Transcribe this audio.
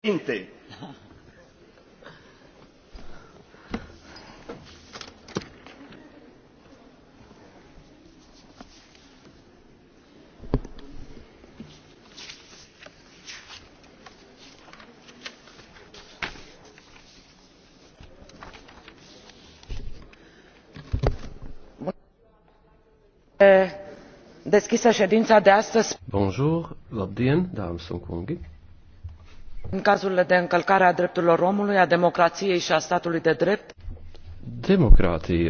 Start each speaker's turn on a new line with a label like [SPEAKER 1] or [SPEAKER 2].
[SPEAKER 1] președinte
[SPEAKER 2] eh, deschisă ședința de astăzi.
[SPEAKER 3] Bonjour, labdien, dāmas un kungi!
[SPEAKER 2] în cazurile de încălcare a drepturilor omului a democrației și a statului de drept
[SPEAKER 4] democrātija